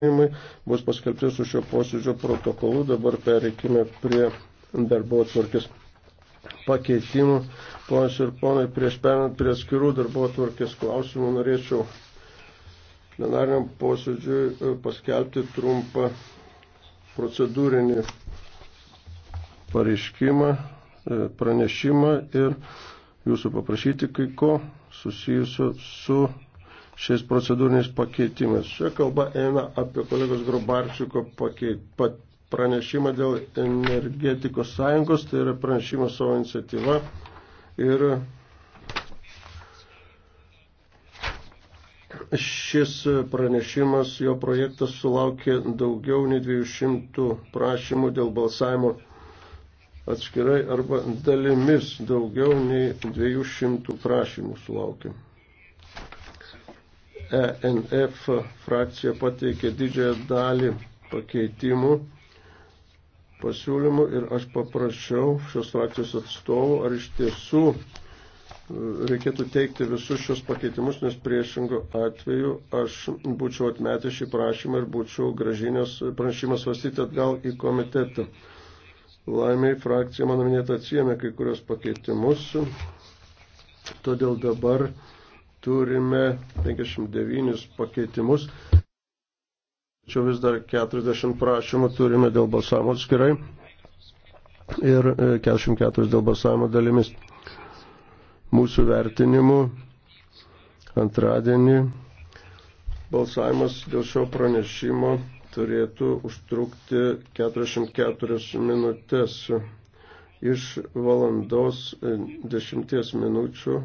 pasisakymai bus paskelbti su šio posėdžio protokolu. Dabar pereikime prie darbo atvarkės pakeitimų. Ponas ir ponai, prieš perinant prie skirų darbo atvarkės klausimų norėčiau plenariniam posėdžiui e, paskelbti trumpą procedūrinį pareiškimą, e, pranešimą ir jūsų paprašyti kai ko susijusio su šiais procedūriniais pakeitimais. Šia kalba eina apie kolegos Grobarčiuko pakeit, pat, pranešimą dėl energetikos sąjungos, tai yra pranešimas savo iniciatyva. Ir šis pranešimas, jo projektas sulaukė daugiau nei 200 prašymų dėl balsavimo atskirai arba dalimis daugiau nei 200 prašymų sulaukė. ENF frakcija pateikė didžiąją dalį pakeitimų pasiūlymų ir aš paprašiau šios frakcijos atstovų, ar iš tiesų e, reikėtų teikti visus šios pakeitimus, nes priešingų atveju aš būčiau atmetęs šį prašymą ir būčiau gražinęs prašymą svarstyti atgal į komitetą. Laimiai frakcija mano minėta atsijėmė kai kurios pakeitimus, todėl dabar turime 59 pakeitimus, tačiau vis dar 40 prašymų turime dėl balsavimo atskirai ir 44 e, dėl balsavimo dalimis. Mūsų vertinimu antradienį balsavimas dėl šio pranešimo turėtų užtrukti 44 minutės. Iš valandos 10 e, minučių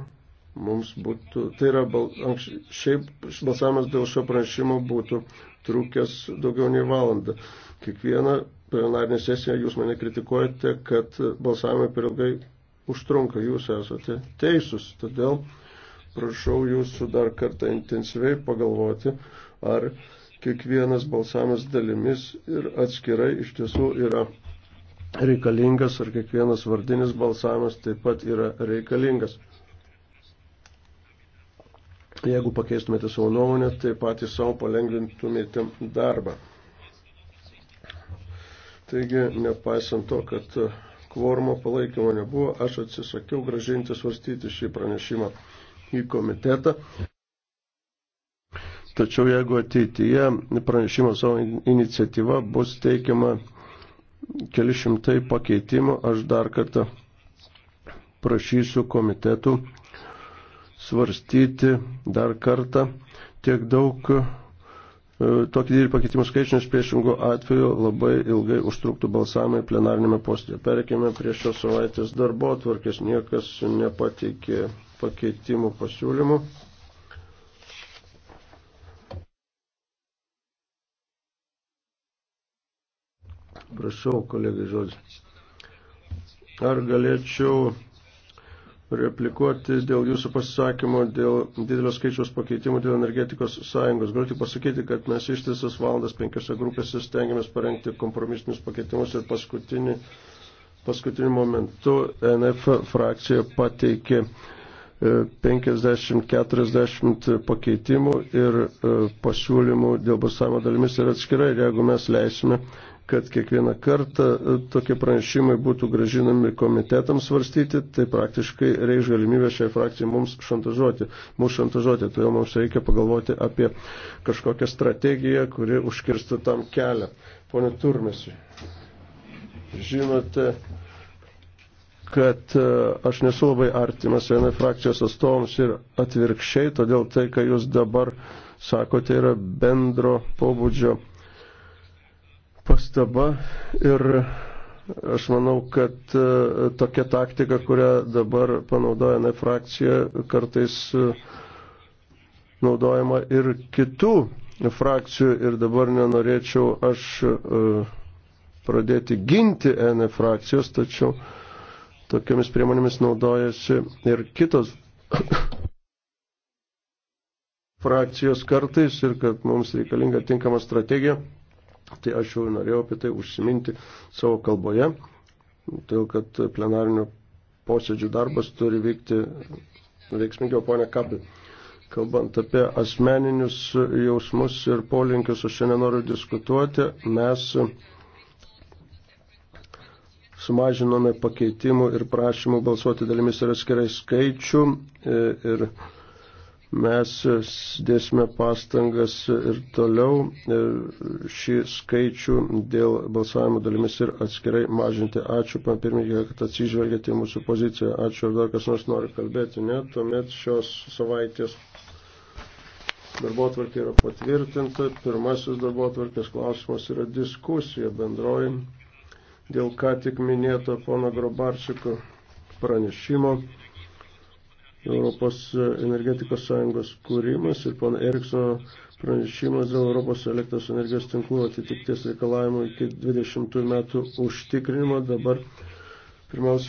mums būtų, tai yra, bal, anks, šiaip balsavimas dėl šio pranešimo būtų trūkęs daugiau nei valandą. Kiekvieną plenarinę sesiją jūs mane kritikuojate, kad balsavimai per ilgai užtrunka, jūs esate teisūs, todėl prašau jūsų dar kartą intensyviai pagalvoti, ar kiekvienas balsavimas dalimis ir atskirai iš tiesų yra reikalingas, ar kiekvienas vardinis balsavimas taip pat yra reikalingas. Jeigu pakeistumėte savo nuomonę, tai patys savo palengvintumėte darbą. Taigi, nepaisant to, kad kvormo palaikymo nebuvo, aš atsisakiau gražinti svarstyti šį pranešimą į komitetą. Tačiau jeigu ateityje pranešimo savo iniciatyva bus teikiama keli šimtai pakeitimų, aš dar kartą prašysiu komitetų svarstyti dar kartą tiek daug e, tokį didelį pakeitimų skaičių, nes priešingų atveju labai ilgai užtruktų balsavimai plenarinėme postėje. Perkime prie šios savaitės darbo atvarkės, niekas nepateikė pakeitimų pasiūlymų. Prašau, kolegai, žodžiu. Ar galėčiau replikuoti dėl jūsų pasisakymų, dėl didelio skaičiaus pakeitimų, dėl energetikos sąjungos. Galiu tik pasakyti, kad mes ištisas valandas penkiose grupėse stengiamės parengti kompromisinius pakeitimus ir paskutinį, paskutinį momentu NF frakcija pateikė 50-40 e, pakeitimų ir e, pasiūlymų dėl balsavimo dalimis ir atskirai, ir jeigu mes leisime kad kiekvieną kartą e, tokie pranešimai būtų gražinami komitetams svarstyti, tai praktiškai reikš galimybę šiai frakcijai mums šantažuoti, mūsų šantažuoti. Todėl mums reikia pagalvoti apie kažkokią strategiją, kuri užkirstų tam kelią. Pone Turmesi, žinote, kad e, aš nesu labai artimas vienai frakcijos atstovams ir atvirkščiai, todėl tai, ką jūs dabar sakote, yra bendro pobūdžio pastaba ir aš manau, kad e, tokia taktika, kurią dabar panaudoja na e frakcija, kartais e, naudojama ir kitų frakcijų ir dabar nenorėčiau aš pradėti ginti N frakcijos, tačiau tokiamis priemonėmis naudojasi ir kitos frakcijos kartais ir kad mums reikalinga tinkama strategija Tai aš jau norėjau apie tai užsiminti savo kalboje, todėl kad plenarinių posėdžių darbas turi vykti veiksmingiau, ponia Kapil. Kalbant apie asmeninius jausmus ir polinkius, aš šiandien noriu diskutuoti, mes sumažinome pakeitimų ir prašymų balsuoti dalimis ir atskirai skaičių e, ir, ir Mes dėsime pastangas ir toliau e, šį skaičių dėl balsavimo dalimis ir atskirai mažinti. Ačiū, pan pirmininkė, kad atsižvelgėte į mūsų poziciją. Ačiū, ar dar kas nors nori kalbėti. Ne, tuomet šios savaitės darbo atvarkė yra patvirtinta. Pirmasis darbo atvarkės klausimas yra diskusija bendroji dėl ką tik minėto pono Grobarčiko pranešimo. Europos e, energetikos sąjungos kūrimas ir pono Eriksono pranešimas dėl Europos elektros energijos tinklų atitikties reikalavimų iki 20 metų užtikrinimo. Dabar pirmiausia